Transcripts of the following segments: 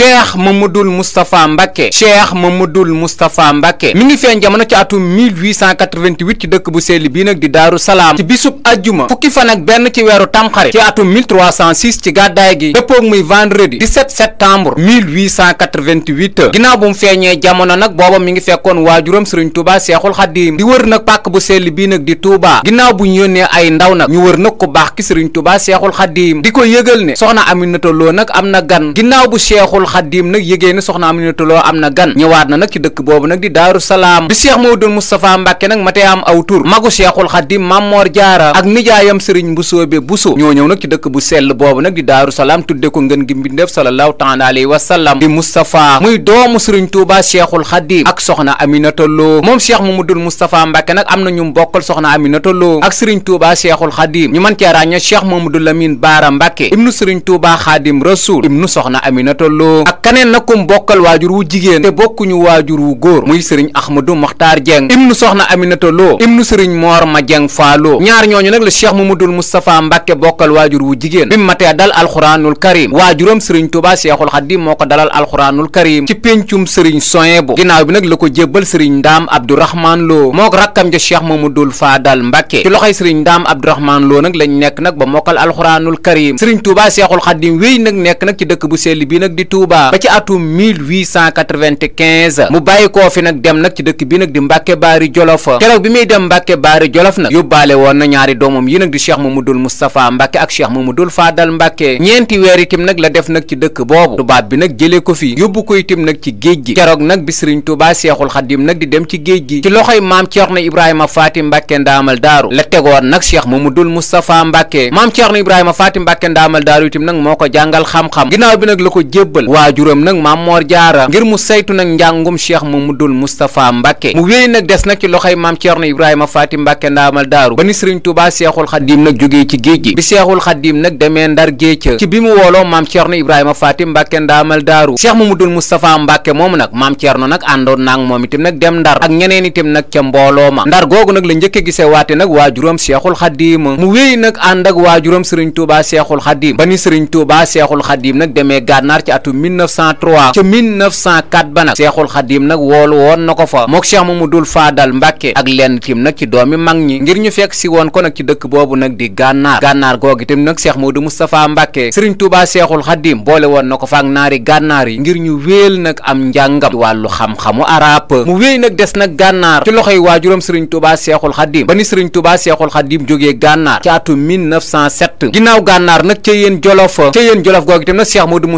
cheikh mamadul moustapha mbàkke cheikh mamadul moustapha mbàkke mi ngi feeñ jamono ci atum 1888 ci dëkk bu selli bii nag di daaru salaam ci bisub ajjuma fukki fan ak benn ci weeru tamxarit ci atum 1306 ci gàddaay gi dëppoog muy vendredi 17 septembre 1888 ginnaaw bu mu feeñee jamono nag booba mi ngi fekkoon waajuram sëriñ tuuba seexul xaddiim di wër nag pàkk bu selli bii nag di tuuba ginnaaw bu ñu yónnee ay ndaw nag ñu wër nag ku baax ki sëriñ tuuba seexul xaddiim di ko yëgal ne soxna aminata loo nag am na gan ginnaaw bu seexul xaddiim nag yëgee ne soxna Aminata Lo am na gan ñëwaat na nag ci dëkk boobu nag di daaru salaam bi seex Maodul Moustapha Mbàkke nag matee am aw tur magu seexul xaddiim Mammoor Jaara ak nijaayam sëriñ Mbusoobe Buso ñoo ñëw nag ci dëkk bu sell boobu nag di daaru salaam tudde ku ngën gi mbindeef sallallahu taala alayhi wa sallam di Moustapha muy doomu sëriñ Tuuba seexul xaddiim ak soxna Aminata Lo moom seex Mamadul Moustapha Mbàkke nag am na ñu bokkal soxna Aminata Lo ak sëriñ Tuuba seexul xaddiim ñu mën cee ràññe seex Mamadou Lamine Baara Mbàkke ibnu sëriñ Tuuba xaadim rasul ibnu soxna Aminata Lo Lo ak kaneen na kum bokkal waajur wu jigéen te bokkuñu waajur wu góor muy sëriñ Ahmadou Mokhtar Dieng ibnu soxna Aminata Lo ibnu sëriñ Mor Ma Dieng Fa Lo ñaar ñooñu nag la Cheikh Mamadou Moustapha Mbacke bokkal waajur wu jigéen bi mu matee dal alxuraanul karim waajuram sëriñ Touba Cheikhul Khadim moo ko dalal alxuraanul karim ci péncum sëriñ soyen bu ginnaaw bi nag la ko jébbal sëriñ Ndaam Abdourahman Lo moo rakkam ja Cheikh Mamadou Fadal Mbacke ci loxoy sëriñ Ndaam Abdourahman Lo nag lañ nekk nag ba mokkal alxuraanul karim nekk nag ci dëkk bu sell bi nag di Touba ba ci atum 1895 mu bàyyi koo fi nag dem nag ci dëkk bi nag di Mbàkke Baari Jolof keroog bi muy dem Mbàkke Baari Jolof nag yóbbaale woon na ñaari doomam yi nag di Cheikh Mamadul Moustapha Mbàkke ak Cheikh Mamadul Faadal Mbàkke ñeenti weer itam nag la def nag ci dëkk boobu tubaab bi nag jëlee ko fi yóbbu ko itam nag ci géej gi keroog nag bi Sëriñ Touba Seexul Xadim nag di dem ci géej gi ci loxoy maam Ceerno Ibrahima Faati Mbàkke Ndaamal Daaru la tegoon nag Cheikh Mamadul Moustapha Mbàkke maam Ceerno Ibrahima Faati Mbàkke Ndaamal Daaru itam nag moo ko jàngal xam-xam ginnaaw bi nag la ko jébbal waajuram nag maam Mor Jaara ngir mu saytu nag njàngum cheikh Mamadul Moustapha Mbacke mu wéy nag des nag ci loxoy maam Thierno Ibrahima Faty Mbacke ndaamal daaru ba ni Serigne Touba Cheikhul Khadim nag jógee ci géej gi bi Cheikhul Khadim nag demee ndar géej ci bi mu wooloo maam Thierno Ibrahima Faty Mbacke ndaamal daaru cheikh Mamadul Moustapha Mbacke moom nag maam Thierno nag àndoon naag moom itam nag dem ndar ak ñeneen itam nag ca mbooloo ma ndar googu nag la njëkke gisee waate nag waajuram Cheikhul Khadim mu wéy nag ànd ak waajuram Serigne Touba Cheikhul Khadim ba ni Serigne Touba Cheikhul Khadim nag demee gànnaar ci atum 1903 ca 1904 ba nag seexul xadim nag woolu woon na ko fa mook cheikh mamadul faadal mbàkke ak lenn tim nag ci doomi mag ñi ngir ñu fekk si woon ko nag ci dëkk boobu nag di gànnaar gànnaar googu itam nag cheikh mamadou moustapha mbàkke sëriñ tuubaa seexul xadim boole woon na ko fa ak naari gànnaar yi ngir ñu wéel nag am njàngam ci wàllu xam-xamu arab mu wéy nag des nag gànnaar ci loxoy waajuram sëriñ tuubaa seexul xadim ba ni sëriñ tuubaa seexul xadim jógee gànnaar ci atu 1907 ginnaaw gànnaar nag ca yéen jolof ca yéen jolof googu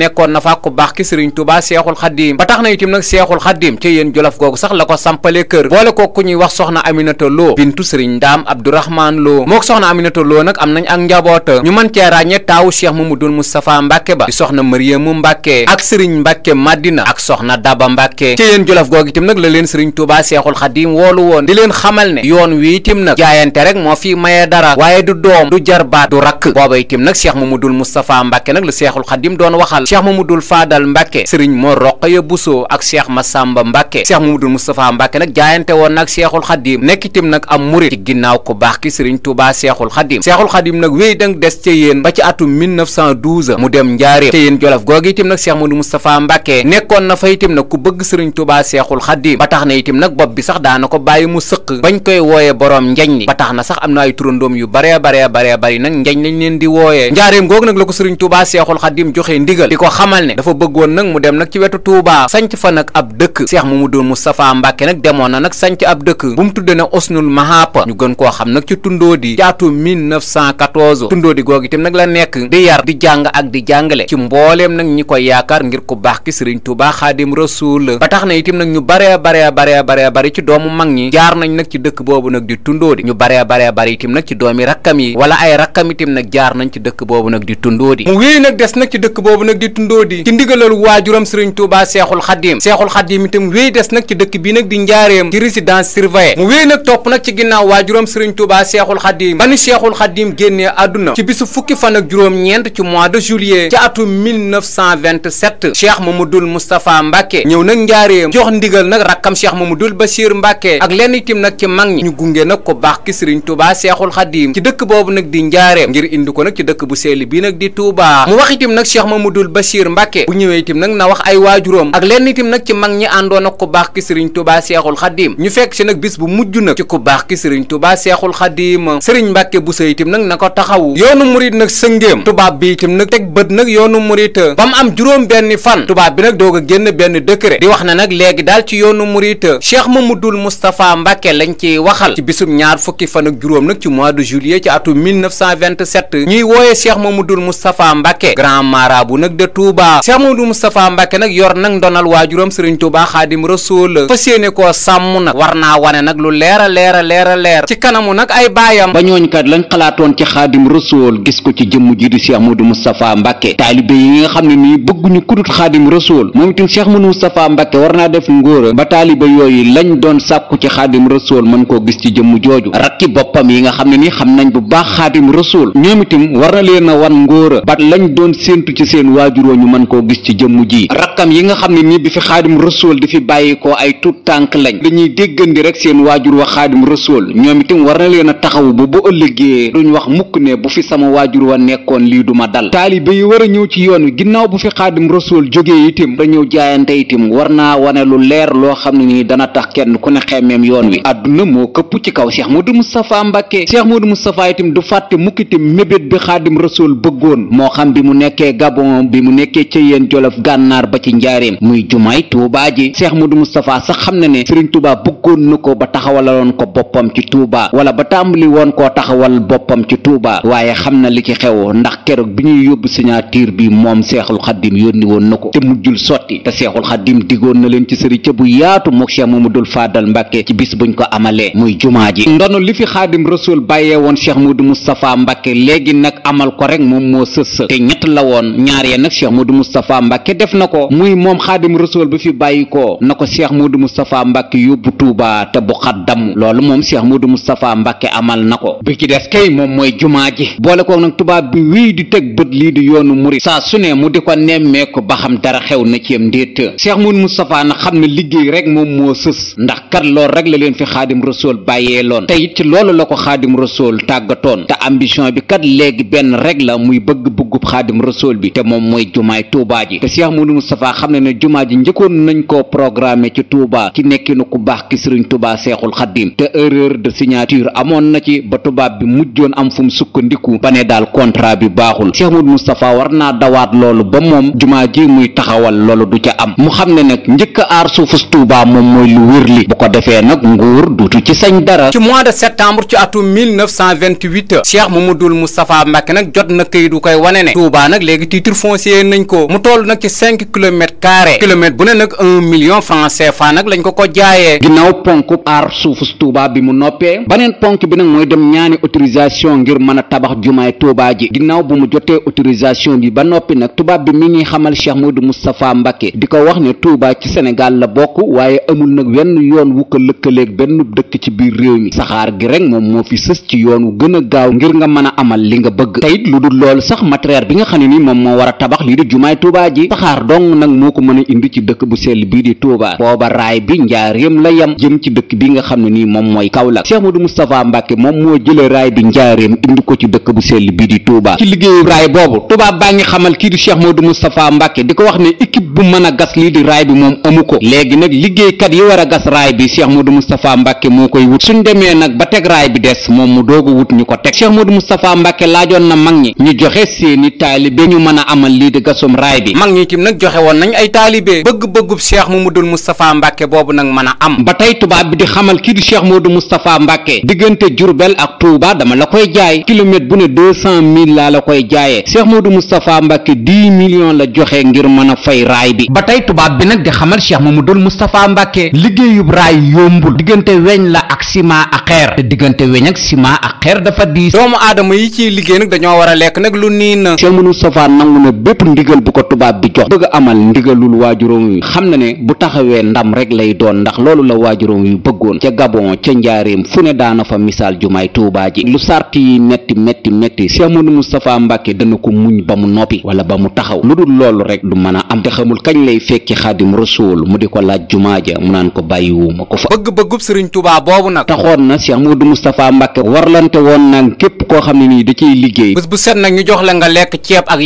nekkoon na fa ku baax ki sëriñ Tuubaa Seexul Xaddiim ba tax na itam nag Seexul Xaddiim ci yéen jolof googu sax la ko sampalee kër boole ko ku ñuy wax soxna Aminata Lo bintu sëriñ Ndaam Abdourahman Lo mook soxna Aminata Lo nag am nañ ak njaboota ñu mën cee ràññee taawu Cheikh Mamadul Moustapha Mbàkke ba di soxna Mariamu Mbàkke ak sëriñ Mbàkke Madina ak soxna Daba Mbàkke ci yéen jolof googu itam nag la leen sëriñ Tuubaa Seexul Xaddiim woolu woon di leen xamal ne yoon wi itam nag jaayante rek moo fi maye dara waaye du doom du jarbaat du rakk booba itam nag Cheikh Mamadul Moustapha Mbàkke nag la Seexul Xaddiim doon cheikh mamadul faadal mbàkke sëriñ moo roqaya busoo ak cheikh masamba mbàkke cheikh mamadul moustapha mbàkke nag jaayante woon nag cheikhul xadim nekk itam nag am murit ci ginnaaw ku baax ki sëriñ tubaa cheikhul xadim cheikhul xadim nag wéy dang des ca yéen ba ci atum 1912 mu dem njaaréem ca yéen jolof googu itam nag cheikh mamadul moustapha mbàkke nekkoon na fa itam nag ku bëgg sëriñ tubaa cheikhul xadim ba tax na nag bopp bi sax daana ko bàyyi mu sëq bañ koy wooye boroom njañ ni ba tax na sax am na ay turandoom yu bare bare bare bare nag njañ leen di wooyee njaaréem googu nag la ko sëriñ tubaa cheikhul xadim joxe ko xamal ne dafa bëggoon nag mu dem nag ci wetu Touba sanc fa nag ab dëkk Cheikh Mamadou Moustapha Mbacke nag demoon na nag sanc ab dëkk bu mu tudde nag Osnul Mahapa ñu gën koo xam nag ci tundoodi ci atum 1914 tundoodi googu itam nag la nekk di yar di jàng ak di jàngale ci mbooleem nag ñi ko yaakaar ngir ku baax ki Serigne Touba Xaadim Rasul ba tax na itam nag ñu baree baree baree baree bari ci doomu mag ñi jaar nañ nag ci dëkk boobu nag di tundoodi ñu baree baree bari itam nag ci doomi rakkam yi wala ay rakkam itam nag jaar nañ ci dëkk boobu nag di tundoodi mu wéy nag des nag ci dëkk boobu nag di Murit Ndóodi ci ndigalal waajuram Serigne Touba Seexul Xadim Seexul Xadim itam wéy des nag ci dëkk bi nag di njaareem ci résidence surveillée mu wéy nag topp nag ci ginnaaw waajuram Serigne Touba Seexul Xadim bani Seexul Xadim génnee àdduna ci bisu fukki fan ak juróom-ñeent ci mois de juillet ci atum 1927 Cheikh Mamadou Moustapha Mbacke ñëw nag njaareem jox ndigal nag rakkam Cheikh Mamadou Bachir Mbacke ak lenn itim nag ci mag ñu gunge nag ko baax ki Serigne Touba Seexul Xadim ci dëkk boobu nag di njaareem ngir indi ko nag ci dëkk bu sell bi nag Bachir Mbacke bu ñëwee itam nag na wax ay waajuróom ak lenn itam nag ci mag ñi àndoon ak ku baax ki sëriñ Touba Seexul Xadim ñu fekk si nag bis bu mujj nag ci ku baax ki sëriñ Touba Seexul Xadim sëriñ Mbacke Bousso itam nag na ko taxawu yoonu murit nag sëngéem tubaab bi itam nag teg bët nag yoonu murit ba mu am juróom benn fan tubaab bi nag doog a génn benn décret di wax na nag léegi daal ci yoonu murit Cheikh Mamadou Moustapha Mbacke lañ ci waxal ci bisum ñaar fukki fan ak juróom nag ci mois de juillet ci atum 1927 ñuy wooye Cheikh Mamadou Moustapha Mbacke grand marabout de Touba Cheikh Modou Moustapha Mbacke nag yor nag ndonal waajuram Serigne Touba Xaadim Rasool fas yéene ko sàmm na war naa wane nag lu leer a leer leer a leer ci kanamu nag ay baayam ba ñooñ kat lañ xalaatoon ci Xaadim Rasool gis ko ci jëmm ji di Cheikh Modou Moustapha Mbacke taalibe yi nga xam ne nii bëgguñu kudut Xaadim Rasool moom itam Cheikh Modou Moustapha Mbacke war naa def ngóora ba taalibe yooyu lañ doon sàkku ci Xaadim Rasool mën koo gis ci jëmm jooju rakki boppam yi nga xam ne nii xam nañ bu baax Xaadim Rasool ñoom itam war a lañ doon séentu waajuroo ñu mën koo gis ci jëmm ji rakkam yi nga xam ne wa xaadim rasuul ñoom itam war a ba ëllëgee duñ wax mukk ne bu fi sama waajur wa nekkoon lii duma dal taalibe yi war a ñëw ci yoon wi ginnaaw bu fi xaadim rasuul jógee itam dañëw jaayante itam war naa wane lu leer loo xam ne nii dana tax kenn ku ne xemmeem yoon wi àdduna moo këpp ci kaw Cheikh Modou Moustapha Mbacké Cheikh Modou Moustapha itam du fàtte mukk itam mébét bi xaadim rasuul bëggoon moo xam bi mu nekkee Gabon bi bi mu nekkee ca yéen jolof gànnaar ba ci njaareem muy jumaay tuubaa ji seex mudu mustapha sax xam na ne sëriñ tuubaa bëggoon na ko ba taxawaloon ko boppam ci tuubaa wala ba tàmbali woon koo taxawal boppam ci tuubaa waaye xam na li ci xew ndax keroog bi ñuy yóbbu signature bi moom seexul xaddim yónni woon na ko te mujjul sotti te seexul xaddim digoon na leen ci sëriñ ca bu yaatu mook cheikh mamadul faadal mbàkke ci bis buñ ko amalee muy jumaa ji ndono li fi xaadim rasul bàyyee woon cheikh mudu mustapha mbàkke la woon ñaar ya nag nag cheikh Modou Moustapha Mbacke def na ko muy moom xaadim rasul bi fi bàyyi ko na ko cheikh Modou Moustapha Mbacke yóbbu Touba te bu xaddamu loolu moom mu Modou Moustapha Mbacke amal na ko bi ci des kay moom mooy jumaa ji boole koog nag tubaab bi wii di teg bët lii di yoonu murit saa su ne mu di ko nemmeeku ba xam dara xew na ci am ndéet cheikh Modou Moustapha na xam ne liggéey rek moom moo sës ndax kat lool rek la leen fi xaadim rasul bàyyee loon te ci loolu la ko xaadim rasul tàggatoon te mooy jumaay Touba ji te Cheikh Modou Moustapha xam ne ne jumaa ji njëkkoon nañ koo programme ci Touba ci nekkinu ku baax ki Serigne Seexul Xaddim te erreur de signature amoon na ci ba tubaab bi mujjoon am fu sukkandiku ba ne daal contrat bi baaxul Cheikh Modou Moustapha war naa dawaat loolu ba moom jumaa ji muy taxawal loolu du ca am mu xam ne nag njëkk a aar suufus Touba moom mooy lu wér li bu ko defee nag nguur duutu ci sañ dara ci mois de septembre ci a 1928 Cheikh Mamadou Moustapha Mbacké nag jot na négocier nañ ko mu toll nag ci cinq kilomètres carrés bu ne nag un million franc CFA nag lañ ko ko jaayee. ginnaaw ponk aar suufu Touba bi mu noppee baneen ponk bi nag mooy dem ñaani autorisation ngir mën a tabax jumaay Touba ji ginnaaw bu mu jotee autorisation bi ba noppi nag tubaab bi mi ngi xamal Cheikh Modou Moustapha Mbacké di ko wax ne tuubaa ci Sénégal la bokk waaye amul nag wenn yoon wu ko lëkkaleeg benn dëkk ci biir réew mi saxaar gi rek moom moo fi sës ci yoon wu gën a gaaw ngir nga mën a amal li nga bëgg teyit lu dul loolu sax matériel bi nga xam tabax lii di jumaay tuubaa ji saxaar dong ko mën a indi ci dëkk bu sell bii di tuubaa booba raay bi njaaréem la yam jëm ci dëkk bi nga xam ne nii moom mooy Kaolack Cheikh Modou Moustapha Mbacke moom moo jële raay bi njaaréem indi ko ci dëkk bu sell bii di tuubaa ci liggéeyu raay boobu tubaab baa ngi xamal kii di Cheikh Modou Moustapha Mbacke di ko wax ne équipe bu mën a gas lii di raay bi moom amu ko léegi nag liggéeykat yi war a gas raay bi Cheikh Modou Moustapha Mbacke moo koy wut suñ demee nag ba teg raay bi des moom mu doogu wut ñu ko teg Cheikh Modou Moustapha Mbacke laajoon na mag ñi ñu joxe seeni taalibe ñu mën a amal lii bii di gasum raay bi mag ñi tim nag joxe woon nañ ay taalibe bëgg-bëggub cheikh mamadul moustapha mbàkke boobu nag mën a am ba tey tubaab bi di xamal kii di cheikh mamadou moustapha mbàkke bu ne deux cent mille laa la koy jaayee cheikh mamadou moustapha mbàkke dix millions la joxe ngir mën a raay bi ba tey tubaab bi nag di xamal cheikh mamadul moustapha mbàkke liggéeyub raay yombul diggante weñ la ak ciment ak xeer te diggante weñ ak ciment ak xeer dafa diis doomu aadama yi ciy liggéey nag dañoo war a lekk nag lu nii na cheikh mamadou moustapha nangu na bépp ndigal bu ko tubaab bi jox bëgg amal ndigalul waajuróom wi xam na ne bu taxawee ndam rek lay doon ndax loolu la waajuróom yu bëggoon ca Gabon ca njaareem fu ne daana fa misaal jumaay Tuubaa ji lu sart yi metti metti metti Cheikh Modou Moustapha Mbacke dana ko muñ ba mu noppi wala ba mu taxaw lu dul loolu rek du mën a am te xamul kañ lay fekki xaadim rasul mu di ko laaj jumaa ja mu naan ko ma ko fa bëgg-bëggub sëriñ Tuubaa boobu nag taxoon na Cheikh Modou Moustapha Mbacke warlante woon nag képp koo xam ne nii da ciy liggéey bés ñu jox la nga lekk ceeb ak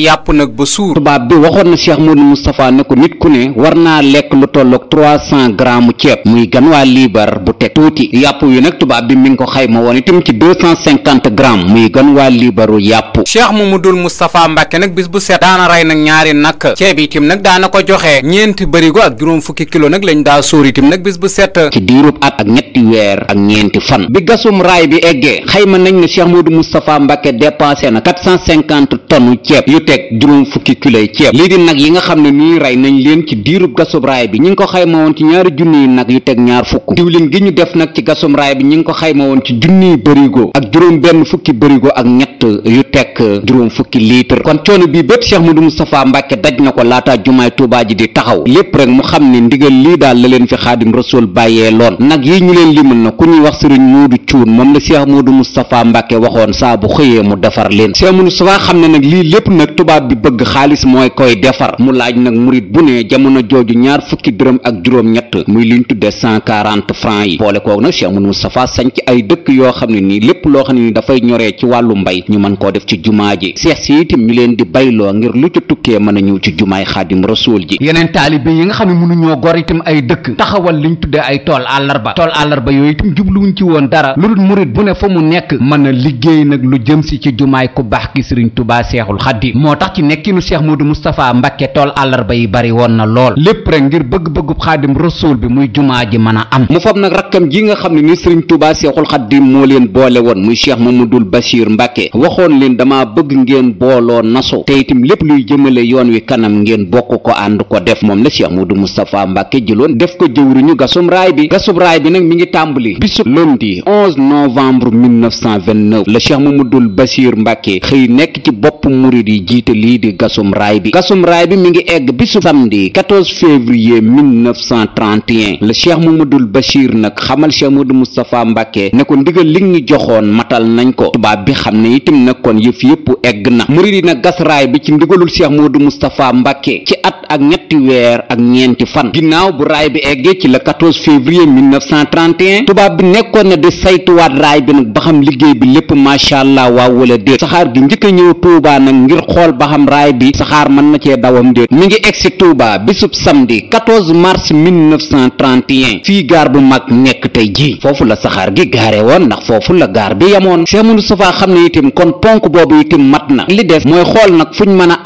suur tubaab bi waxoon na cheikh Modou Moustapha ne ko nit ku ne war na lekk lu tolloog trois cent grammes ceeb muy gan waa liibar bu teg tuuti yàpp wi nag tubaab bi mi ngi ko xayma woon itam ci deux cent cinquante grammes muy gan waa liibaru yàpp mu cheikh Mamadul Moustapha Mbàkke nag bis bu set daana rey nag ñaari nag ceeb itim nag daana ko joxe ñeenti bërigo ak juróom fukki kilo nag lañ daa sóor itim nag bis bu set ci diirub at ak ñetti weer ak ñeenti fan bi gasum raay bi eggee xayma nañ ne cheikh Modou Moustapha Mbàkke dépensé na quatre cent cinquante tonnes ceeb yu teg juróom fukki kiloy nag yi nga xam ne ñuy rey nañ leen ci diirub gasub raay bi ñi ngi ko xayma nag yu teg ñu def nag ci gasum raay bi ñi ngi ko xayma woon ci junniy bërigo ak juróom benn fukki bërigo ak ñett yu teg juróom fukki litre kon coono bii bépp mu Modou Moustapha Mbacke daj na ko laataa jumaay Tuubaa ji di taxaw lépp rek mu xam ne ndigal lii daal la leen fi xaadim rasul bàyyee loon nag yi ñu leen limal na ku ñuy wax sëriñ Moodu Cuun moom la Cheikh Modou Moustapha Mbacke waxoon saa xëyee mu defar leen Cheikh Modou Moustapha xam ne nag lii lépp nag tubaab bi bëgg xaalis mooy koy defar mu laaj nag murit bu ne jamono jooju ñaar fukki dërëm ak juróom-ñett muy li ñu tudde cent quarante francs yi boole koog nag Cheikh Mouhamadou Moustapha sanc ay dëkk yoo xam ne nii lépp loo xam ne ni dafay ñoree ci wàllu mbay ñu mën koo def ci jumaa ji seex si itam ñu leen di bayloo ngir lu ci tukkee mën a ñëw ci jumaay xaadim rasool ji yeneen taalibe yi nga xam ne mënuñoo gor itam ay dëkk taxawal liñ tuddee ay tool àllarba tool àllarba yooyu itam jubluwuñ ci woon dara lu dul murit fa mu nekk mën a liggéey nag lu jëm si ci jumaay ku baax ki sëriñ tubaa seexul xaddim moo tax ci nekkinu Cheikh Modou Moustapha Mbacke tool àllarba yi bari woon na lool lépp rek ngir bëgg-bëggub xaadim rasuul bi muy jumaa ji mën a am mu fab nag rakkam ji nga xam ni ni sëriñ Touba Seexul Xaadim moo leen boole woon muy Cheikh Mamadul Bachir Mbacke waxoon leen dama bëgg ngeen booloo nasu te itam lépp luy jëmale yoon wi kanam ngeen bokk ko ànd ko def moom la Cheikh Modou Moustapha Mbacke jëloon def ko jëwriñu gasum raay bi gasum raay bi nag mi ngi tàmbali bisub lundi 11 novembre 1929 la Cheikh Mamadul Bachir Mbacke xëy nekk ci bopp murid yi jiite lii di gas gasum raay bi gasum raay bi mi ngi egg bisu samedi 14 février 1931 la cheikh mamadul bachir nag xamal cheikh mamadou moustapha mbàkke ne ko ndigal li ñu joxoon matal nañ ko tubaab bi xam ne itam nag kon yëf yëpp egg na murid yi nag gas raay bi ci ndigalul cheikh mamadou moustapha mbàkke ci at ak ñett ñetti weer ak ñeenti fan ginnaaw bu raay bi eggee ci le 14 février 1931 tubaab bi nekkoon na di saytuwaat raay bi nag ba xam liggéey bi lépp macha allah waaw wala déet saxaar gi njëkk a ñëw Touba nag ngir xool ba xam raay bi saxaar mën na cee dawam déet mi ngi egsi Touba bisub samedi 14 mars 1931 fii gaar bu mag nekk tey ji foofu la saxaar gi gaare woon ndax foofu la gaar bi yamoon seemunu safaa xam ne itam kon ponk boobu itam mat na li des mooy xool nag fuñ mën a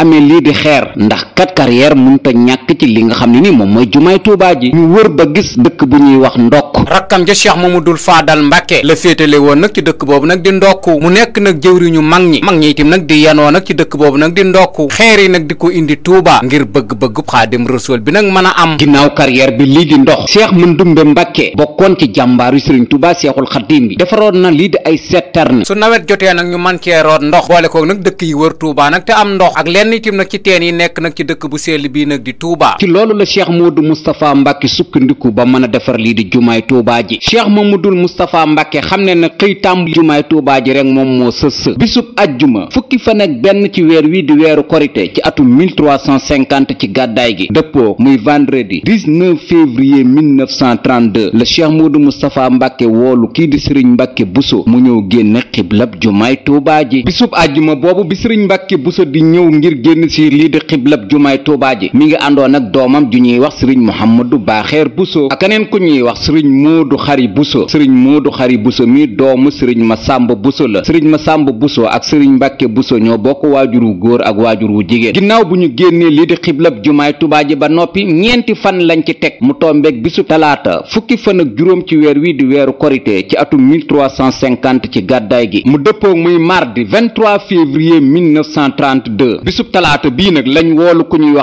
nekk ci li nga xam ne ni moom mooy jumaay Tuubaa ji ñu wër ba gis dëkk bu ñuy wax ndokk rakkam ja Cheikh Mamadul Faadal mbakke la féetale woon nag ci dëkk boobu nag di ndokku mu nekk nag jëwriñu mag ñi mag ñi itam nag di yanoo nag ci dëkk boobu nag di ndokku xeer yi nag di ko indi Tuubaa ngir bëgg-bëggu Xaadim Rasuul bi nag mën a am ginnaaw carrière bi lii di ndox seex Cheikh Mandumbe Mbàkke bokkoon ci jàmbaaru Sëriñ Tuubaa Seexul Xaadim bi defaroon na lii di ay setterne su nawet jotee nag ñu mën cee root ndox boole ko nag dëkk yi wër Tuubaa nag te am ndox ak lenn itam nag ci teen yi nekk nag ci dëkk bu sell bii Touba. ci loolu la cheikh Modou Moustapha Mbacke sukkandiku ba mën a defar lii di jumaay Touba ji cheikh Mamadou Moustapha Mbacke xam ne na xëy tàmbali jumaay Touba ji rek moom moo sës bisub ajjuma fukki fa ak benn ci weer wi di weeru korité ci atum 1350 ci gàddaay gi dëppoo muy vendredi 19 février 1932 la cheikh Modou Moustapha Mbacke woolu kii di sëriñ Mbacke Bousso mu ñëw génn xiblab jumaay Touba ji bisub ajjuma boobu bi sëriñ Mbacke Bousso di ñëw ngir génn si lii di xiblab jumaay Touba àndoon ak doomam ju ñuy wax sëriñ Mouhamadou Baaxeer Bousso ak keneen ku ñuy wax sëriñ Moodu Xari Bousso sëriñ Moodu Xari Bousso mi doomu sëriñ Masamba Bousso la sëriñ Masamba Bousso ak sëriñ Mbàkke Bousso ñoo bokk waajur wu góor ak waajur wu jigéen ginnaaw bu ñu génnee lii di xiblab jumaay Tuubaa ji ba noppi ñeenti fan lañ ci teg mu tombeeg bisu talaata fukki fan ak juróom ci weer wi di weeru korité ci atum 1350 ci gàddaay gi mu dëppoog muy mardi 23 février 1932 bisub talaata bii nag lañ woolu ku ñuy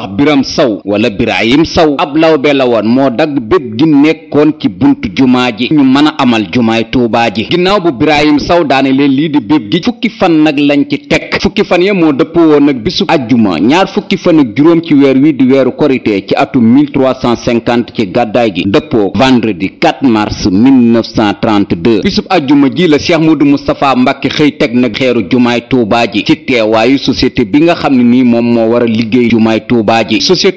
saw wala birahim saw ab lawbe la woon moo dagg bépp gi nekkoon ci bunt jumaa ji ñu mën a amal jumaay tuubaa ji ginnaaw bu birahim saw daane leen lii di bépp gi fukki fan nag lañ ci teg fukki fan ya moo dëppoo woon nag bisu ajjuma ñaar fukki fan ak juróom ci weer wi di weeru korité ci atum 1350 ci gàddaay gi dëppoo vendredi 4 mars 1932 bisub ajjuma ji la cheikh Modou Moustapha Mbacke xëy teg nag xeeru jumaay tuubaa ji ci teewaayu société bi nga xam ne nii moom moo war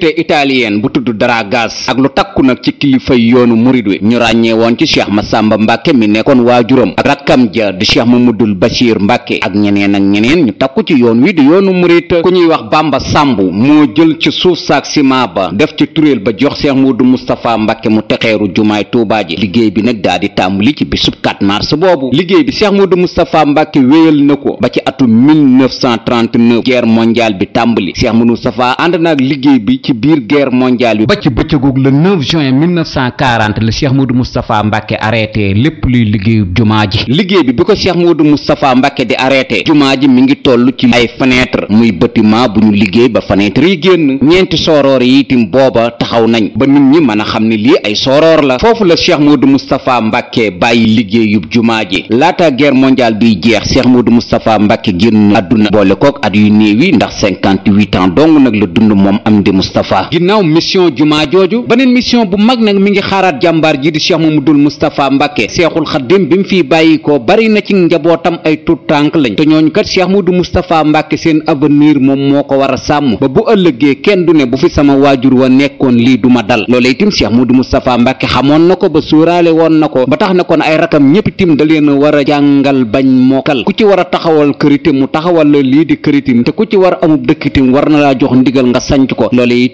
société italienne bu tudd Dragaz ak lu takku nag ci kilifay yoonu murid wi ñu ràññee woon ci ma Massamba Mbàkke mi nekkoon waajuram ak rakkam ja di Cheikh Mamadul Bachir Mbàkke ak ñeneen ak ñeneen ñu takku ci yoon wi di yoonu murid ku ñuy wax bàmba Sàmb moo jël ci suuf saak ciment ba def ci turéel ba jox seex Cheikh Modou Moustapha Mbàkke mu texeeru jumaay Tuubaa ji liggéey bi nag daa di tàmbali ci bisub 4 mars boobu liggéey bi seex Cheikh Modou Moustapha Mbàkke wéyal na ko ba ci atum 1939 guerre mondiale bi tàmbali Cheikh biir guerre mondiale bi ba ci bëccëgoog le 9 juin 1940 la Cheikh Modou Moustapha Mbacke arrêté lépp luy liggéeyu jumaa ji liggéey bi bi ko Cheikh Modou Moustapha Mbacke di arrêté jumaa ji mi ngi toll ci ay fenêtre muy bâtiment bu ñu liggéey ba fenêtre yi génn ñeenti sooroor yi itam booba taxaw nañ ba nit ñi mën a xam ni lii ay sooroor la foofu la Cheikh Modou Moustapha Mbacke bàyyi liggéeyub jumaa ji laata guerre mondiale biy jeex Cheikh Modou Moustapha Mbacke génn àdduna boole kook at yu néew yi ndax 58 ans dong nag la dund moom Amdi Moustapha ginnaaw mission jumaa jooju beneen mission bu mag nag mi ngi xaaraat jàmbaar ji di cheikh mamadul Moustapha Mbàkke seexul xaddim bi mu fiy bàyyi ko bari na ci njabootam ay tut tànk lañ te ñooñu kat cheikh mamadou Moustapha Mbàkke seen avenir moom moo ko war a sàmm ba bu ëllëgee kenn du ne bu fi sama waajur wa nekkoon lii du ma dal loolee itam cheikh mamadou Moustapha Mbàkke xamoon na ko ba sóoraale woon na ko ba tax na kon ay rakam ñëpp itam da leen war a jàngal bañ mokkal ku ci war a taxawal kër mu taxawal lii di kër itam te ku ci war amub dëkk itam war na laa jox ndigal nga sanc ko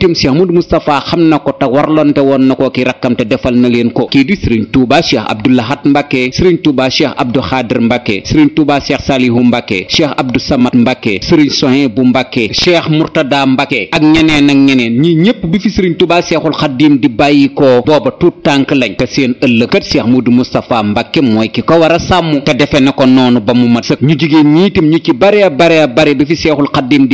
mbégtem Cheikh Modou Moustapha xam na ko te warlonte woon na ko ki rakkam te defal na leen ko kii di Serigne Touba Cheikh Abdou Lahat Mbacke Serigne Touba Cheikh Abdou Khader Mbacke Serigne Touba Cheikh Salihu Mbacke Cheikh Abdou Samad Mbacke Serigne Sohen bu Mbacke Cheikh Murtada Mbacke ak ñeneen ak ñeneen ñi ñépp bi fi Serigne Touba Cheikhul Khadim di bàyyi ko booba tuut tànk lañ te seen ëllëg Cheikh Modou Moustapha Mbacke mooy ki ko war a sàmm te defe na ko noonu ba mu mat sëkk ñu jigéen ñi itam ñu ci bare bare bare bi fi Cheikhul Khadim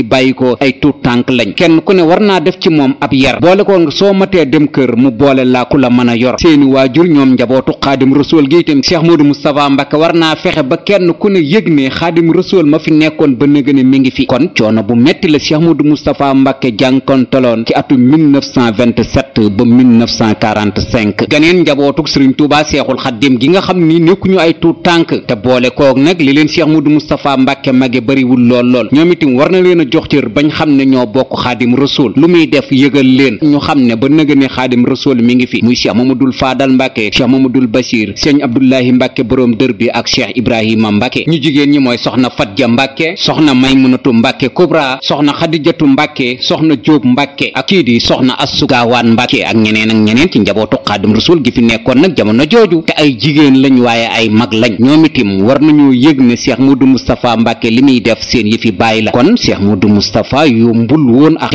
moom ab yar boole ko soo matee dem kër mu boole laa ku la mën a yor seeni waajur ñoom njabootu xaadim rasool gi itam cheikh modou moustapha mbàkke war naa fexe ba kenn ku ne yëg ne xaadim rasool ma fi nekkoon ba nëgë ne mi ngi fi kon coono bu metti la cheikh modou moustapha mbàkke jànkontoloon ci atu 1927 ba 1945 ganeen njabootuk sëriñ tuuba seexul xaddim gi nga xam ni nekkuñu ay tuut tànk te boole koog nag li leen cheikh modou moustapha mbàkke mage bariwul lool lool ñoom itam war na leen a jox cër bañ xam ne ñoo bokk xaadim rasool lu muy def def yëgal leen ñu xam ne ba nëga ne xaadim rasool mi ngi fi muy cheikh mamadul faadal mbàkke cheikh mamadul basir sëñ abdullahi mbàkke boroom dër bi ak cheikh ibrahima mbàkke ñu jigéen ñi mooy soxna fatja mbàkke soxna maymunatu mbàkke kubra soxna xadijatu mbàkke soxna jóob mbàkke ak kii di soxna assugaawaan mbàkke ak ñeneen ak ñeneen ci njabootu xaadim rasool gi fi nekkoon nag jamono jooju te ay jigéen lañ waaye ay mag lañ ñoom itam war nañoo yëg ne cheikh modou moustapha mbàkke li muy def seen yëfi bàyyi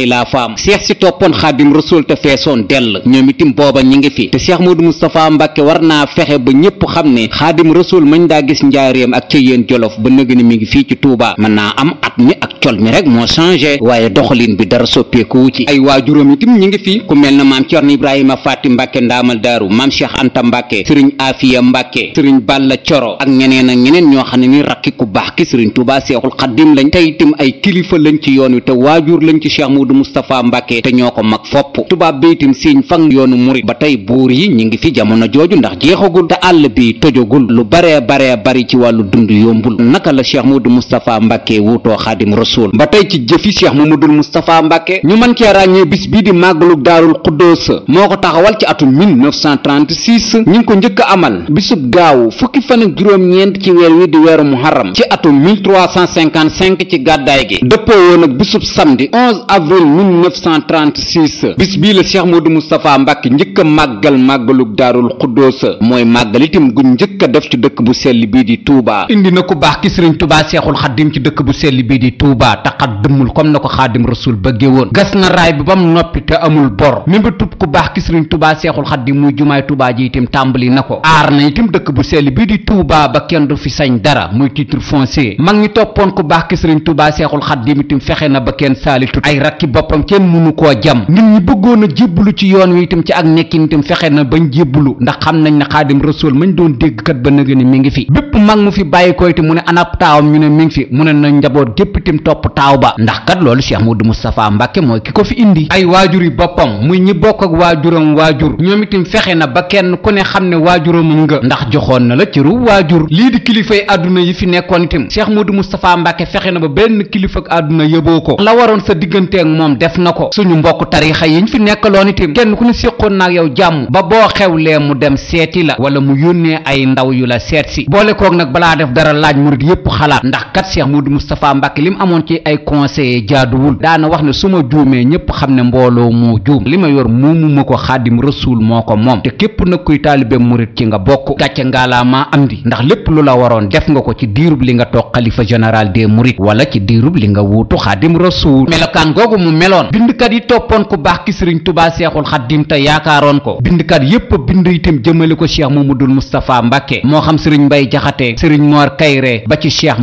la toppoon xaadim rasul te feesoon dell ñoom itim booba ñi ngi fi te cheikh modou moustapha mbàkke war naa fexe ba ñépp xam ne xaadim rasul mañ daa gis njaareem ak ca yéen jolof ba nëg ni mi ngi fii ci tuubaa mën naa am at mi ak col mi rek moo changé waaye doxalin bi dara soppeekuwu ci ay waajuram itim ñi ngi fi ku mel na maam ceerno ibrahima faati mbàkke ndaamal daaru maam cheikh anta mbàkke sëriñ afiya mbàkke sëriñ balla coro ak ñeneen a ñeneen ñoo xam ne ni rakki ku baax ki sëriñ tuubaa seexul xaddim lañ tey itim ay kilifa lañ ci yoon wi te waajur lañ ci cheikh modou moustapha mbàkke te ñoo ko mag fopp tubaab bi itam siiñ fang yoonu murit ba tey buur yi ñi ngi fi jamono jooju ndax jeexagul te àll bi tojagul lu baree baree bari ci wàllu dund yombul naka la cheikh Modou Moustapha Mbacke wuutoo xaadim rasul ba tey ci jëfi cheikh Mamadou Moustapha Mbacke ñu mën cee ràññee bis bii di màggalug daarul xuddoos moo ko taxawal ci atum 1936 ñu ngi ko njëkk a amal bisub gaaw fukki fan ak juróom-ñeent ci weer wi di weeru muharram ci atum ci gàddaay gi dëppoo woon ak bisub samedi 11 avril 36 bis bii la cheikh Modou Moustapha Mbacke njëkk a màggal màggalug daarul xuddoosa mooy màggal itam gu njëkk a def ci dëkk bu sell bii di Touba indi na ku baax ki sëriñ Touba seexul xaddim ci dëkk bu sell bii di Touba taxat dëmmul comme na ko xaadim rasul bëggee woon gas na raay bi noppi te amul bor mi ba tub ku baax ki sëriñ Touba seexul xaddim muy jumaay Touba ji itam tàmbali na ko aar na itam dëkk bu sell bii di Touba ba kenn du fi sañ dara muy titre foncier mag ñi toppoon ku baax ki sëriñ seexul xaddim itam fexe na ba kenn saalitu ay rakki boppam kenn mënu ko koo jam nit ñi bëggoon a jébbalu ci yoon wi itam ci ak nekkin itam fexe na bañ jébbalu ndax xam nañ ne xaadim rasul mañ doon dégg kat ba nëgë ni mi ngi fi bépp mag mu fi bàyyi ko itam mu ne anab taawam ñu ne mi ngi fi mu ne na njaboot gépp itam topp taaw ba ndax kat loolu Cheikh Modou Moustapha Mbacke mooy ki ko fi indi ay waajur yi boppam muy ñi bokk ak waajuram waajur ñoom itam fexe na ba kenn ku ne xam ne waajuram nga ndax joxoon na la ci ru waajur lii di kilifay yi fi nekkoon itam Cheikh Modou Moustapha Mbacke fexe na ba sa diggante ak moom def na ko suñu suñu mbokk tarixa yiñ fi nekkaloon itam kenn ku ne séqoon naag yow jàmm ba boo xewlee mu dem seeti la wala mu yónnee ay ndaw yu la seet boole koog nag balaa def dara laaj murit yépp xalaat ndax kat Cheikh Modou Moustapha Mbacke li mu amoon ci ay conseillers jaaduwul daana wax ne su juumee ñépp xam ne mbooloo moo juum li ma yor moomu ma ko xaadim rasuul moo ko moom te képp nag kuy taalibe murit ci nga bokk gàcce ngaalaamaa am di ndax lépp lu la waroon def nga ko ci diirub li nga toog xalifa général des murit wala ci diirub li nga wuutu toppoon ku baax ki sëriñ tubaa seexul xaddim te yaakaaroon ko bindkat yépp bind itam jëmale ko cheikh mamadul moustapha mbàkke moo xam sëriñ mbay jaxate sëriñ moor kayre ba ci cheikh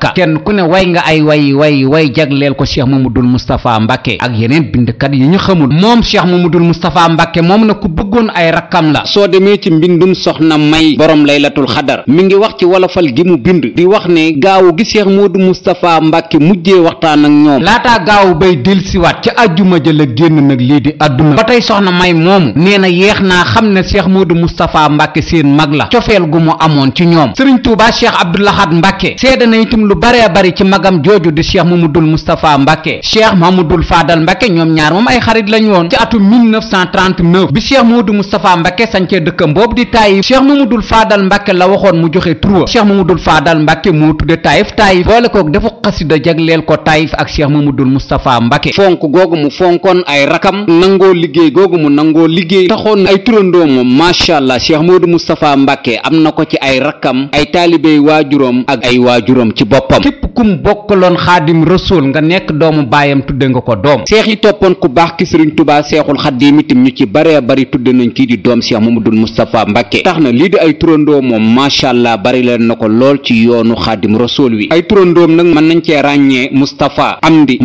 ka kenn ku ne way nga ay way way way jagleel ko cheikh mamadul moustapha mbàkke ak yeneen bindkat yi ñu xamul moom cheikh mamadul moustapha mbàkke moom na ku bëggoon ay rakkam la soo demee ci mbindum soxna may borom laylatul xadar mi ngi wax ci wolofal gi mu bind di wax ne gaawu gi cheikh mamadul moustapha mbàkke mujjee waxtaan ak ñoom laata gaaw bay delsiwaat ci ajjuma waajal a génn nag lii di àdduna ba tey soxna may moomu nee na yeex naa xam ne cheikh moodu moustapha mbàkke seen mag la cofeel gu mu amoon ci ñoom sëriñ tuubaa cheikh abdoulahat mbàkke seede na itam lu baree bari ci magam jooju di cheikh mamadul moustapha mbàkke cheikh mamadul faadal mbàkke ñoom ñaar moom ay xarit lañ woon ci atu mu bi cheikh moodu moustapha mbàkke sancee dëkkam boobu di taayif cheikh mamadul faadal mbàkke la waxoon mu joxe turam cheikh mamadul faadal mbàkke moo tudde taayif taayif boole koog dafa xasida jagleel ko taayif ak cheikh mamadul fonkoon ay rakam nangoo liggéey googu mu nangoo liggéey taxoon ay turandoom macha allah cheikh Modou Moustapha Mbacke am na ko ci ay rakkam ay taalibey waajuróom ak ay waajuróom ci boppam képp kum bokkaloon xaadim rasul nga nekk doomu baayam tudde nga ko doom seex yi toppoon ku baax ki sëriñ tubaa seexul xaadim itam ñu ci baree bari tudde nañ kii di doom cheikh Mamadou Moustapha Mbacke tax na lii di ay turandoo moom macha allah bari leen na ko lool ci yoonu xaadim rasul wi ay turandoom nag mën nañ cee ràññee Moustapha Amdi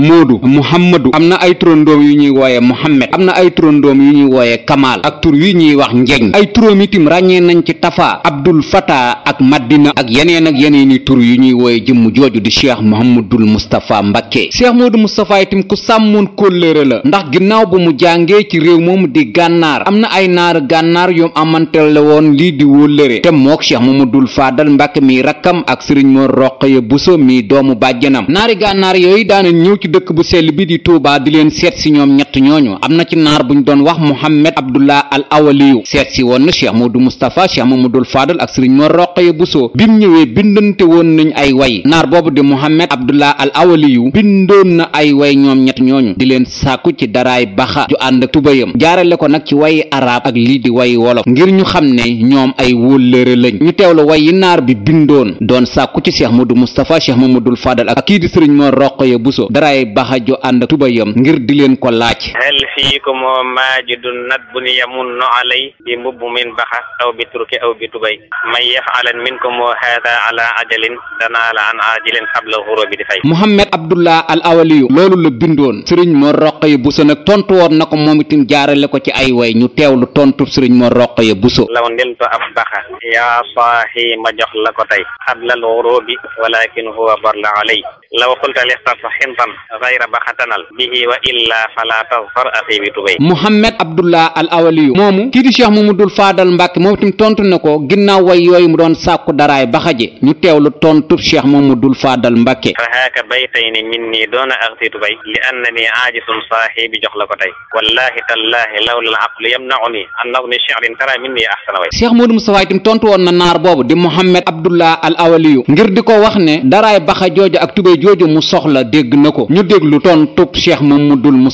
turandoom yu ñuy wooye Mohammed am na ay turandoom yu ñuy wooye Kamal ak tur yu ñuy wax Njeñ ay turam itam ràññee nañ ci Tafa Abdul Fata ak Madina ak yeneen ak yeneen i tur yu ñuy wooye jëmm jooju di Cheikh Mouhamadul Moustapha Mbacké Cheikh Modou Moustapha itam ku sàmmoon kóllëre la ndax ginnaaw ba mu jàngee ci réew moomu di gànnaar am na ay naar gànnaar yoom amanteel la woon lii di wóllëre te mook Cheikh Mouhamadul Fadal Mbacké mi rakkam ak Sëriñ Mor Roqaya Buso mi doomu bàjjanam naari gànnaar yooyu daana ñëw ci dëkk bu sell bi di Touba di leen seet si ñoom ñett ñooñu am na ci naar buñ doon wax Mohammed Abdullah al Awaliyu seet si woon na Cheikh Modou Moustapha Cheikh Mamadul Fadal ak sëriñ Mor Roqaya Bousso bim ñëwee bindante woon nañ ay way naar boobu di Mohammed Abdullah al Awaliyu bindoon na ay way ñoom ñett ñooñu di leen sàkku ci daraay baxa ju ànd ak tubayam jaarale ko nag ci wayi arab ak lii di way wolof ngir ñu xam ne ñoom ay wóllëre lañ ñu teewlu way yi naar bi bindoon doon sàkku ci Cheikh Modou Moustapha Cheikh Mamadul Fadal ak kii di sëriñ Mor Roqaya Bousso daraay baxa ju ànd ak tubayam ngir di leen lim ko laaj hal fiikum maajidun nadbun yamunnu alay bi mbubb min baxas aw bi turki aw bi tubay man yafalan minkum haada ala ajalin danaala an ajilin xabla xuróobi di fay Muhammad Abdullah al awaliyu loolu la bindoon sëriñ Mor Roqaya Buso nag tontu woon na ko moom itam jaarale ko ci ay way ñu teewlu tontu sëriñ Mor Roqaya Buso law ndeltu ab baxa yaa saaxi ma jox la ko tey xabla al xuróobi walakin huwa barla alay law xulta lexta fa xintan xayra baxatanal bihi wa illa fala tazfar asibi tubay Mouhamed Abdullah al awaliyu moomu kii di Cheikh Mamadul Faadal Mbàkke moom itam tontu na ko ginnaaw way yooyu mu doon sàkku daraay baxaje ñu teewlu tontu Cheikh Mamadul Faadal Mbàkke fa haaka baytayni minni doona axti tubay li annani aajisun saahibi jox la ko tey wallahi tallahi lawla al aqlu yamnauni an nawni shi'rin tara minni ahsana way Cheikh Mamadou Moustapha itam tontu woon na naar boobu di Mouhamed Abdullah al awaliyu ngir di ko wax ne daraay baxa jooju ak tubay jooju mu soxla dégg na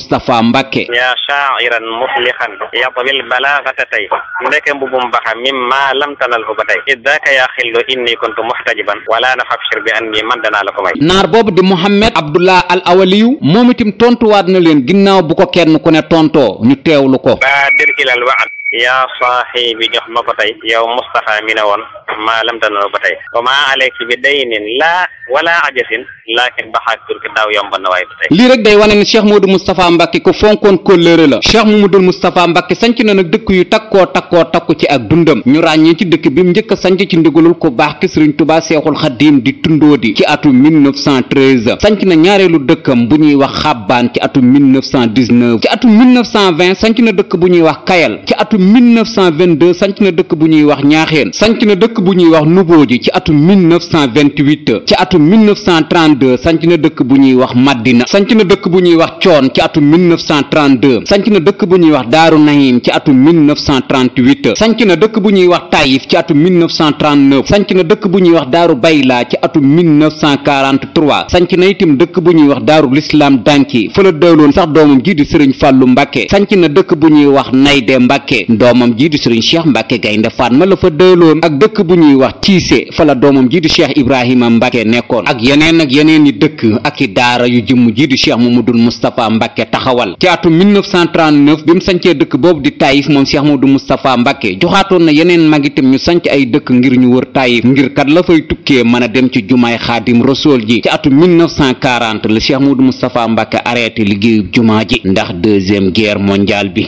Moustapha Mbacke yaa shaa'iran muflixan yatwil balagata tey ndeke mbubum baxa mimma lam tanal hu ba tey iddaaka yaa xillu inni kuntu muxtajiban wala na fabshir bi anni man danaa la ko may naar boobu di Mouhamed Abdullah al awaliyu moom itam tontuwaat na leen ginnaaw bu ko kenn ku ne tontoo ñu teewlu ko baadir ilal wa'd yaa saaxi bi jox ma ko tey yow mustafa mi ne woon maa lam tanoo ba tey wa maa aleyki bi daynin laa wala ajasin laakin baxaak turki daaw yomb na waaye ba tey lii rek day wane ne Cheikh Modou Moustapha Mbacke ku fonkoon kóllëre la Cheikh Mamadou Moustapha Mbacke sanc na nag dëkk yu takkoo takkoo takku ci ak dundam ñu ràññee ci dëkk bi mu njëkk a ci ndigalul ko baax ki Sëriñ Tuubaa Seexul Xadiim di tundoodi ci atum 1913 sanc na ñaareelu dëkkam bu ñuy wax xàbbaan ci atum 1919 ci atum 1920 sanc na dëkk bu ñuy wax kayal atum 1922 sanc na dëkk bu ñuy wax ñaaxeen sanc na dëkk bu ñuy wax nubooji ci atum 1928 ci atum 1932 sanc na dëkk bu ñuy wax Madina sanc na dëkk bu ñuy wax coon ci atum 1932 sanc na dëkk bu ñuy wax Daaru Nahim ci atum 1938 sanc na dëkk bu ñuy wax Taïf ci atum 1939 sanc na dëkk bu ñuy wax Daaru Bayla ci atum 1943 sanc na itam dëkk bu ñuy wax Daaru Lislaam Danki fa la dawloon sax doomam ji di Sëriñ Fàllu Mbàkke sanc na dëkk bu ñuy wax Nayde Mbàkke doomam ji di sëriñ cheikh mbàkke gaynde Fatma la fa dëloon ak dëkk bu ñuy wax tiise fa la doomam ji di cheikh ibrahima mbàkke nekkoon ak yeneen ak yeneen i dëkk ak i daara yu jëmm ji di cheikh mamadul moustapha mbàkke taxawal ci atum 1939 bi mu sancee dëkk boobu di taayif moom cheikh mamadul moustapha mbàkke joxaatoon na yeneen magitam ñu sanc ay dëkk ngir ñu wër taayif ngir kat la fay tukkee mën a dem ci jumaay xaadim rasool ji ci atum 1940 la cheikh mamadul moustapha mbàkke arrêté liggéeyub jumaa ji ndax deuxième guerre mondiale bi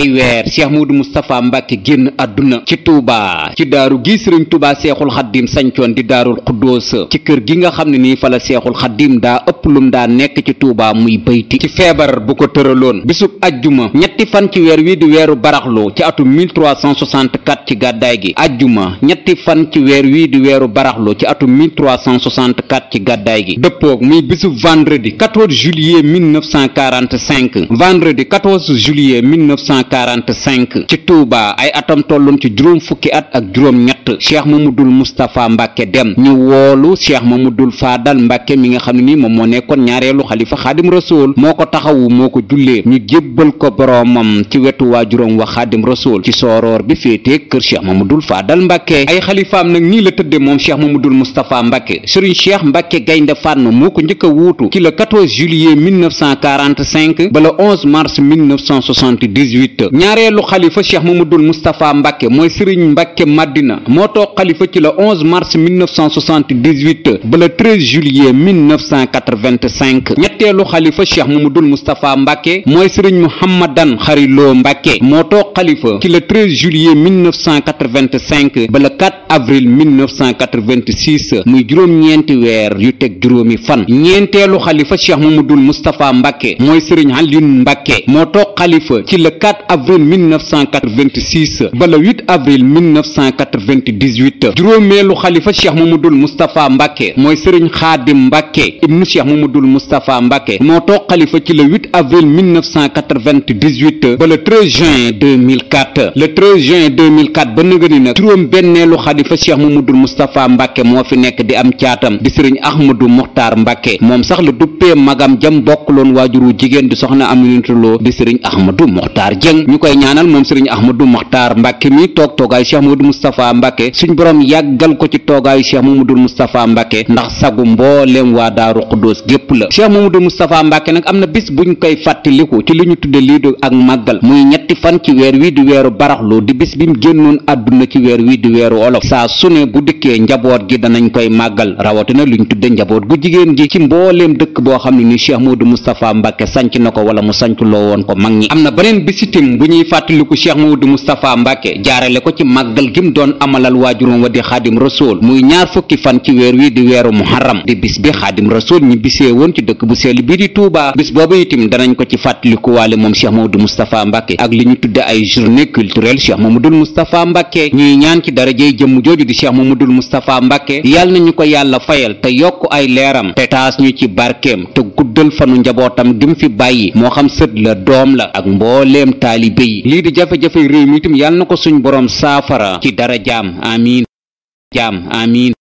ay weer cheikh Modou Moustapha Mbacke génn àdduna ci Touba ci daaru gi sëriñ Touba seexul xaddim sancoon di daarul xuddoos ci kër gi nga xam ne nii fa la seexul xaddim daa ëpp lum daa nekk ci Touba muy bayti ci feebar bu ko tëraloon bisub ajjuma ñetti fan ci weer wi di weeru baraxlu ci atum 1364 ci gàddaay gi ajjuma ñetti fan ci weer wi di weeru baraxlu ci atum 1364 ci gàddaay gi dëppoog muy bisub vendredi 14 juillet 1945 vendredi 14 1945 ci Touba ay atam tolloon ci juróom fukki at ak juróom ñett cheikh mamadul moustapha mbàkke dem ñu woolu cheikh mamadul faadal mbàkke mi nga xam ne ni moom moo nekkoon ñaareelu xalifa xaadim rasool moo ko taxawu moo ko jullee ñu jébbal ko boroomam ci wetu waa waajuram wa xaadim rasool ci sooroor bi féetee kër cheikh mamadul faadal mbàkke ay xalifaam nag nii la tëdde moom cheikh mamadul moustapha mbàkke sëriñ cheikh mbàkke gaynde fànn moo ko njëkk a wuutu ci le 14 juillet 1945 ba le 11 mars 1978 2008 ñaareelu xalifa cheikh mamadul moustapha mbàkke mooy sëriñ mbàkke madina moo toog xalifa ci le 11 mars 1978 ba le 13 juillet 1985 ñetteelu xalifa cheikh mamadul moustapha mbàkke mooy sëriñ mouhamadan xariloo mbàkke moo toog xalifa ci le 13 bala 1985 ba le 4 avril 1986 muy juróom-ñeenti weer yu teg juróomi fan ñeenteelu xalifa cheikh mamadul moustapha mbàkke mooy sëriñ aliyun mbàkke moo toog xalifa ci le 4 avril 1986 ba le 8 avril 1998 juróomeelu xalifa cheikh mamadul moustapha mbàkke mooy sëriñ xaadim mbàkke ibnu cheikh mamadul moustapha mbàkke moo toog xalifa ci le 8 avril 1998 ba le 13 juin 2004 le 13 juin 2004 ba nëga ni nag juróom benneelu xalifa cheikh mamadul moustapha mbàkke moo fi nekk di am caatam di sëriñ ahmadou moxtaar mbàkke moom sax la duppee magam jam loon bokkloon waajuru jigéen di soxna aminatuloo di sëriñ Ahmadou Mokhtar Dieng ñu koy ñaanal moom sëriñ Ahmadou Mokhtar Mbàkke mi toog toogaayu Cheikh Mamadou Moustapha Mbàkke suñ borom yàggal ko ci toogaayu Cheikh Mamadou Moustapha Mbàkke ndax sagu mbooleem waa Daaru Xuddoos gépp la Cheikh Mamadou Moustapha Mbàkke nag am na bis ñu koy fàttaliku ci lu ñu tudde lii du ak màggal muy ñetti fan ci weer wi di weeru baraxlu di bis bi mu génnoon àdduna ci weer wi di weeru olof saa su ne bu dikkee njaboot gi danañ koy màggal rawatina lu luñ tudde njaboot gu jigéen gi ci mbooleem dëkk boo xam ne ni mu Mamadou Moustapha Mbàkke sanc na ko wala mu sanc loo woon ko mag ñi am na beneen bis bu ñuy fàttaliku cheikh mamadou moustapha mbàkke jaarale ko ci màggal gim doon amalal waajuram wa di xaadim rasool muy ñaar fukki fan ci weer wi di weeru muharram di bis bi xaadim rasool ñi bisee woon ci dëkk bu sell bii di tuubaa bis boobu itam danañ ko ci fàttaliku waale moom cheikh mamadou moustapha mbàkke ak li ñu tudde ay journée culturelle cheikh mamadou moustapha mbàkke ñuy ñaan ci darajey jëmm jooju di cheikh mamadou moustapha mbàkke yàlla nañu ko yàlla fayal te yokk ay leeram te ñu ci barkeem te guddal fanu njabootam gim fi bàyyi moo xam sët la doom la ak mbooleem taalibe yi lii di jafe-jafe réew mi itam yàlla na ko suñ boroom saafara ci dara jaam amiin jaam amiin